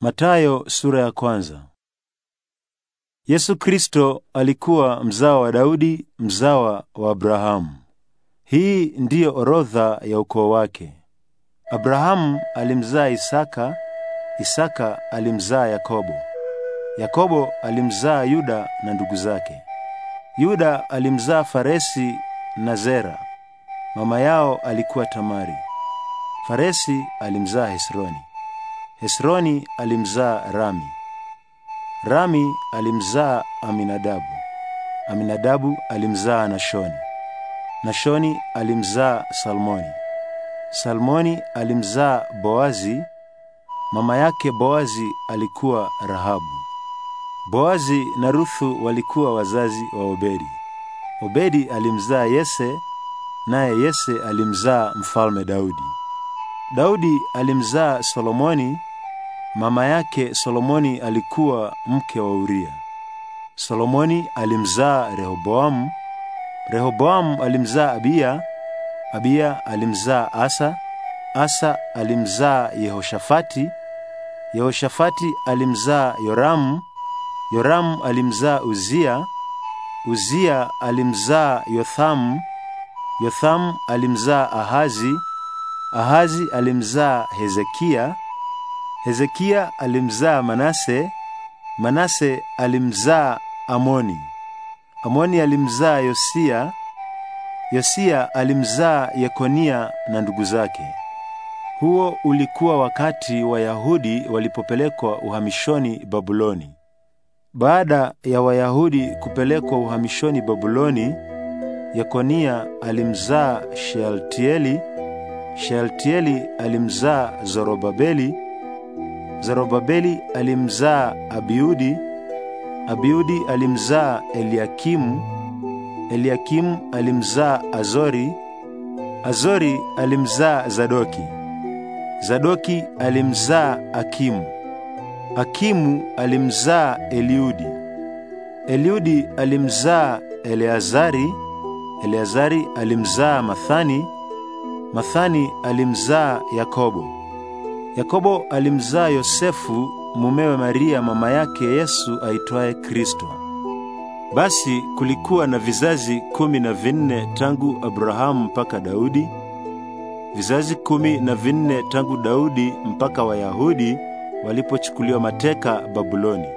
Matayo sura ya kwanza. Yesu Kristo alikuwa mzao wa Daudi, mzawa wa Abrahamu. Hii ndiyo orodha ya ukoo wake. Abrahamu alimzaa Isaka, Isaka alimzaa Yakobo. Yakobo alimzaa Yuda na ndugu zake. Yuda alimzaa Faresi na Zera. Mama yao alikuwa Tamari. Faresi alimzaa Hesroni. Hesroni alimzaa Rami. Rami alimzaa Aminadabu. Aminadabu alimzaa Nashoni. Nashoni alimzaa Salmoni. Salmoni alimzaa Boazi. Mama yake Boazi alikuwa Rahabu. Boazi na Ruthu walikuwa wazazi wa Obedi. Obedi alimzaa Yese, naye Yese alimzaa Mfalme Daudi. Daudi alimzaa Solomoni. Mama yake Solomoni alikuwa mke wa Uria. Solomoni alimzaa Rehoboamu. Rehoboamu alimzaa Abiya. Abiya alimzaa Asa. Asa alimzaa Yehoshafati. Yehoshafati alimzaa Yoramu. Yoramu alimzaa Uzia. Uzia alimzaa Yothamu. Yothamu alimzaa Ahazi. Ahazi alimzaa Hezekia, Hezekia alimzaa Manase, Manase alimzaa Amoni, Amoni alimzaa Yosia, Yosia alimzaa Yekonia na ndugu zake. Huo ulikuwa wakati Wayahudi walipopelekwa uhamishoni Babuloni. Baada ya Wayahudi kupelekwa uhamishoni Babuloni, Yekonia alimzaa Shealtieli Shealtieli alimzaa Zorobabeli, Zorobabeli alimzaa Abiudi, Abiudi alimzaa Eliakimu, Eliakimu alimzaa Azori, Azori alimzaa Zadoki, Zadoki alimzaa Akimu, Akimu alimzaa Eliudi, Eliudi alimzaa Eleazari, Eleazari alimzaa Mathani, Mathani alimzaa Yakobo. Yakobo alimzaa Yosefu mumewe Maria mama yake Yesu aitwaye Kristo. Basi kulikuwa na vizazi kumi na vinne tangu Abrahamu mpaka Daudi, vizazi kumi na vinne tangu Daudi mpaka Wayahudi walipochukuliwa mateka Babuloni,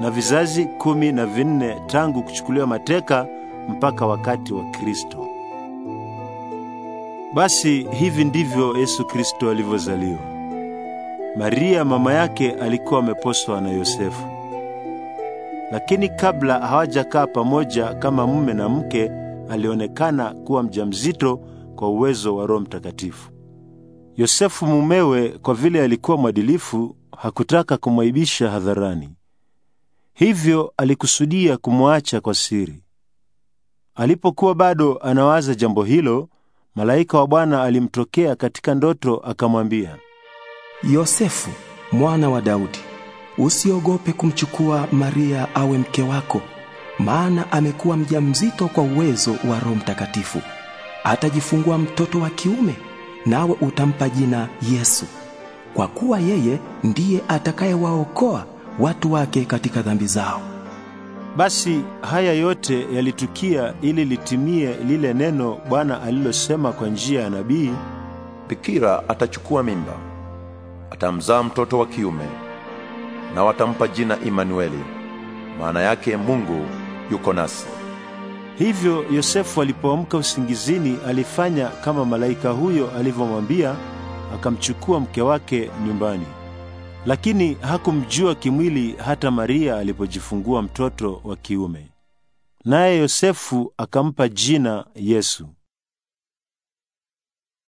na vizazi kumi na vinne tangu kuchukuliwa mateka mpaka wakati wa Kristo. Basi hivi ndivyo Yesu Kristo alivyozaliwa. Maria mama yake alikuwa ameposwa na Yosefu, lakini kabla hawajakaa pamoja kama mume na mke, alionekana kuwa mjamzito kwa uwezo wa Roho Mtakatifu. Yosefu mumewe, kwa vile alikuwa mwadilifu, hakutaka kumwaibisha hadharani, hivyo alikusudia kumwacha kwa siri. Alipokuwa bado anawaza jambo hilo, malaika wa Bwana alimtokea katika ndoto akamwambia, Yosefu mwana wa Daudi, usiogope kumchukua Maria awe mke wako, maana amekuwa mjamzito kwa uwezo wa Roho Mtakatifu. Atajifungua mtoto wa kiume, nawe utampa jina Yesu, kwa kuwa yeye ndiye atakayewaokoa watu wake katika dhambi zao. Basi haya yote yalitukia ili litimie lile neno Bwana alilosema kwa njia ya nabii, bikira atachukua mimba, atamzaa mtoto wa kiume na watampa jina Imanueli, maana yake Mungu yuko nasi. Hivyo Yosefu alipoamka usingizini, alifanya kama malaika huyo alivyomwambia, akamchukua mke wake nyumbani lakini hakumjua kimwili hata Maria alipojifungua mtoto wa kiume, naye Yosefu akampa jina Yesu.